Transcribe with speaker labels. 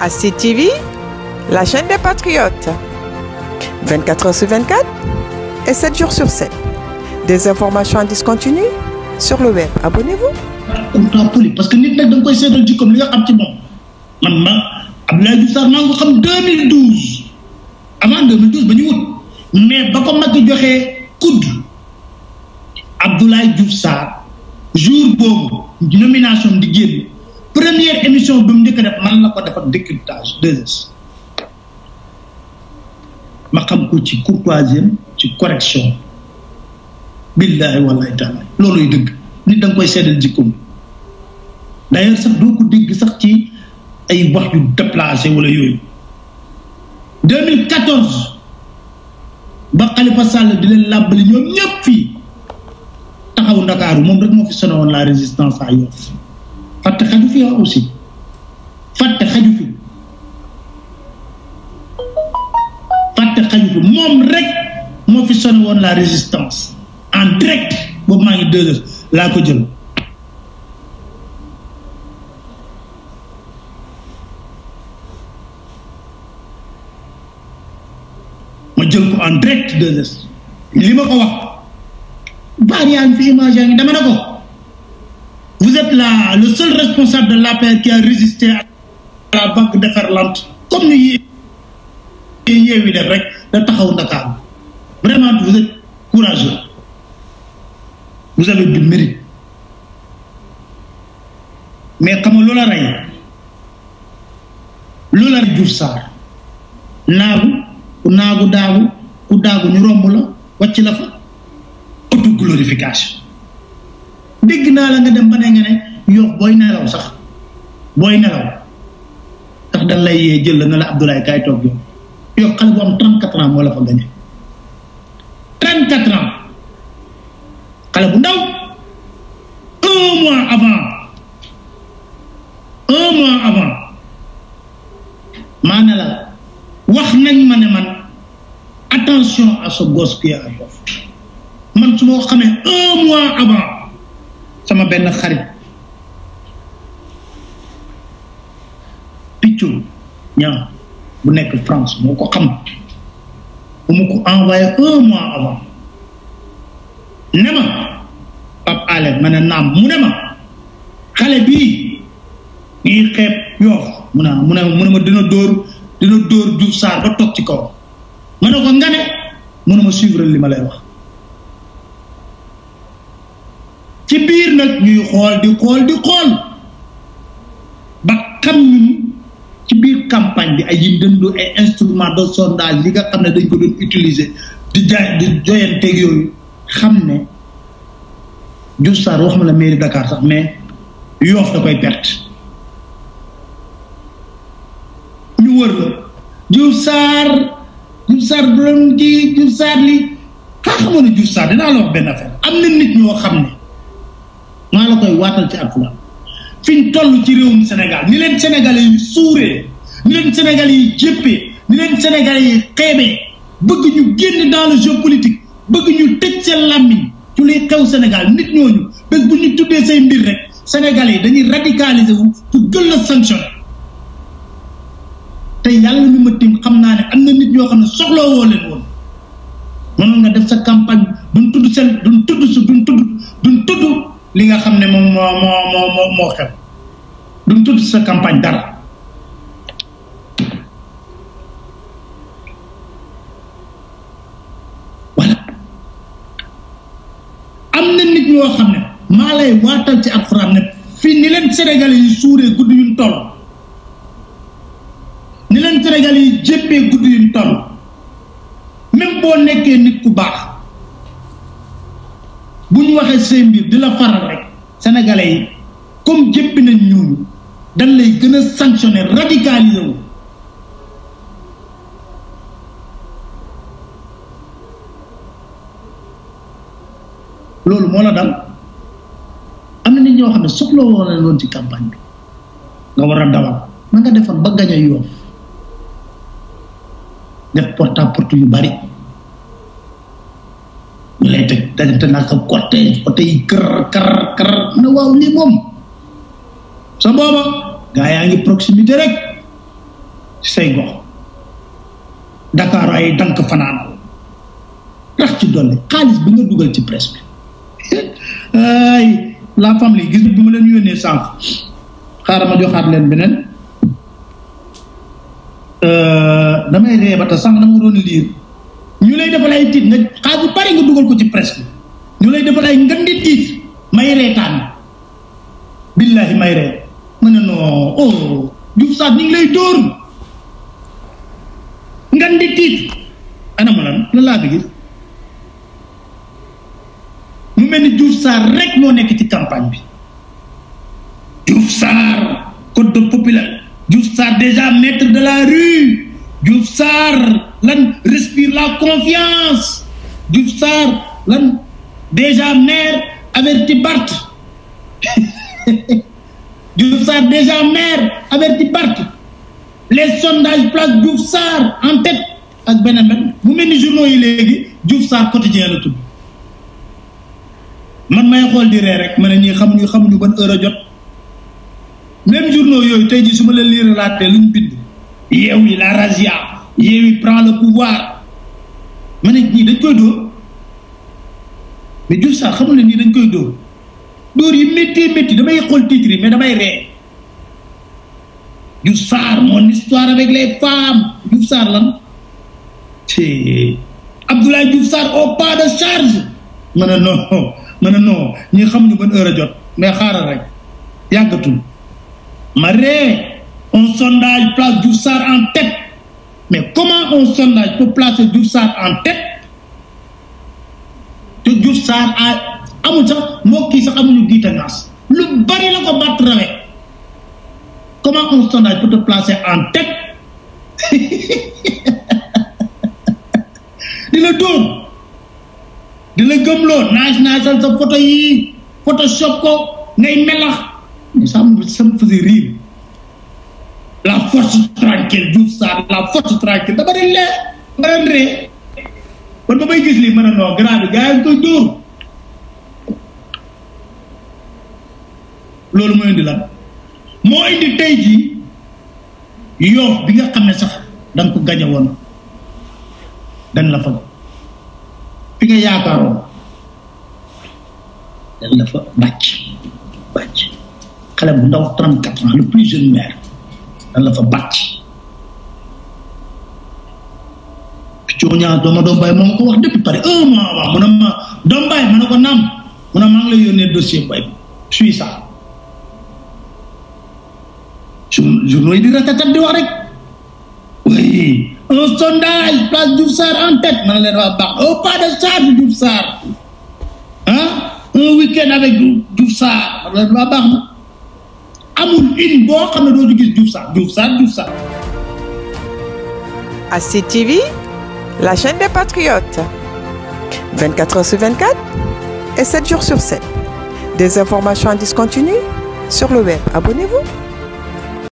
Speaker 1: à CTV, la chaîne des patriotes. 24 heures sur 24 et 7 jours sur 7. Des informations en discontinu sur le web. Abonnez-vous. Comptant poli parce que nit nag da nga koy ci comme li nga xam ci moom man ma Abdoulaye Diouf Sarr maa ngi ko xam 2012 avant 2012 ba ñu wut mais ba ko Macky joxee kudd Abdoulaye Diouf Sarr jour boobu nomination di génn première émission bi mu njëkk a def man la ko def 2 ma xam ko ci courtoisie ci correction billahi wallahi taala looluy dëgg nit da koy seddal jikkoom d'ailleurs sax doo ko dégg sax ci ay wax yu déplacé wala yooyu 2014 ba Khalifa Sall di leen làbbali ñoom ñëpp fii taxaw Ndakaaru moom rek moo fi sono woon la résistance à Yoff fàtte xaju fi ah aussi fàtte xaju fi fàtte xañ moom rek moo fi sonné woon la résistance en direct boobu maa ngi deux laa ko jël ma jël ko en direct deux li ma ko wax baar yaa ngi fi image yaa ngi dama ne ko vous êtes là le seul responsable de l'APR qui a résisté à la vague déferlante comme nous yi Yewwi def rek da taxaw Ndakaaru vraiment vous êtes courageux vous avez mais xam nga loola rey loola rey Diouf Sarr naagu ku naagu daagu ku daagu ñu romb la wàcc la fa auto glorification dégg naa la nga dem ba ne nga ne yow booy nelaw sax booy nelaw ndax dañ lay yee jël la nga la Abdoulaye kaay toog yow yow xale bu am 34 ans moo la fa gagné 34 ans xale bu ndaw un mois avant un mois avant maa ne la wax nañ ma ne man attention à ce gosse qui est à man su xamee un mois avant sama benn xarit piccul ñaaw bu nekk France moo ko xam bu ma ko envoyé un mois avant ne ma Pape Alé ma naam mu ne ma xale bii ñuy xeeb yoof mu ne mu ne mu dina dóor dina dóor Diouf Sarr ba toog ci kaw ma ne ko nga ne mu ne ma suivre li ma lay wax ci biir nag ñuy xool di xool di xool di ay yi ñu doon ay instrument nga xam ne dañ ko doon di jaay di joyanteeg yooyu xam ne Diouf Sarr waxuma la mairie Dakar sax mais li kaa xamoon ne Diouf Sarr dinaa benn affaire am na nit ñoo xam ne maa la koy waatal ci alxuraan fi ñu toll ci réewum Sénégal ni leen Sénégalais yi suuree ni leen Sénégal yi jéppee ni leen Sénégal yi xeebee bëgg ñu génn dans le jeu politique bëgg ñu tëj seen làmmiñ ci luy xew Sénégal nit ñooñu bés bu ñu tuddee say mbir rek Sénégal yi dañuy radicaliser wu pour gën la sanction te yàlla ñu ma tim xam naa ne am na nit ñoo xam ne soxloo woo leen woon mënoon nga def sa campagne duñ tudd seen duñ tudd du duñ tudd li nga xam ne moom moo moo moo moo xew duñ tudd sa campagne dara tey waatal ci alxuraan ne fii ni leen Sénégal yi suuree guddi yu toll ni leen Sénégal yi jéppee gudd yuñ toll même boo nekkee nit ku baax bu ñu waxee seen mbir di la faral rek sénégalais yi comme jéppi nañ ñooñu dañ lay gën a sanctionné radicalisé wu loolu moo la dal na ñoo xam ne soxla woo la ci campagne bi nga war a dawal na nga defar ba gañ a def porte yu bari ñu lay teg dajante naka cortège kër kër kër na waaw lii moom sa booba gaa yaa ngi proximité rek say gox Dakar ay dank fanaan rax ci dolli xaalis bi nga dugal ci presse bi la famille gis bi ma leen yónnee sànq xaaral ma joxaat leen beneen euh, damay ree ba tax sànq dama ko doon liir ñu lay defal ay tiit nga xaaj bu bari nga dugal ko ci presse bi ñu lay defal ay ngën ngandi tiit may reetaan billahi may ree ma ne noo oh Diouf Sarr ñu ngi lay dóor ngandi tiit ana ma la gis mel ni Diouf Sarr rek moo nekk ci campagne bi Diouf Sarr code de populaire Diouf Sarr déjà maître de la rue Diouf Sarr lan respire la confiance Diouf Sarr lan déjà maire averti Barth Diouf Sarr déjà maire averti Barth les sondages placent Diouf Sarr en tête ak beneen benn mel ni journaux yi léegi Diouf Sarr quotidien la tudd man may xool di ree rek ma ne ñii xamuñu xamuñu ban heure a jot même journaux yooyu tey jii su ma la lire laatee luñ bind yeewi la razzia yeewi la le pouvoir ma ne ñii dañ koy dóor mais Diouf Sarr xamul ne nii dañ koy dóor dóor yi métti métti damay xool titre yi mais damay ree Diouf Sarr mon histoire avec les femmes Diouf Sarr lan ci Abdoulaye Diouf Sarr au pas de charge ma ne non ma ne non ñi xam ñu ban heure a jot mais xaaral rek yàggatul ma ree un sondage place Diouf Sarr en tête mais comment un sondage peut placer Diouf Sarr en tête te Diouf Sarr a amul sax moo kii sax amuñu diita ngaas lu bari la ko batt comment un sondage peut te placer en tête di di gëm gëmloo naaj naajal sa photo yi photoshop ko ngay melax mais ça me ça me la force tranquille Diouf Sarr la force tranquille dama di lee ma doon ree kon ba gis lii ma ne non loolu mooy indi lan moo indi tey jii yoof bi nga xam ne sax da ko gañe woon dañ la fi nga yaakaaroon yàlla dafa bàcc bàcc xale bu ndaw trente quatre ans le plus jeune maire yàlla dafa bàcc cooñaa dooma doom bàyyi moo ko wax depuis pare un mois avant mu ne ma doom bàyyi ma ne ko naam mu ne maa ngi lay yónnee dossier booy bi suis ça journaux yi di ratatat di wax rek un sondage place Diouf Sarr en tête ma ne leen waa baax au pas de charge Diouf Sarr ah un week avec Diouf Sarr ma ne leen une boo xam ne doo ci gis Diouf et 7 jours sur 7 des informations en sur le web abonnez-vous.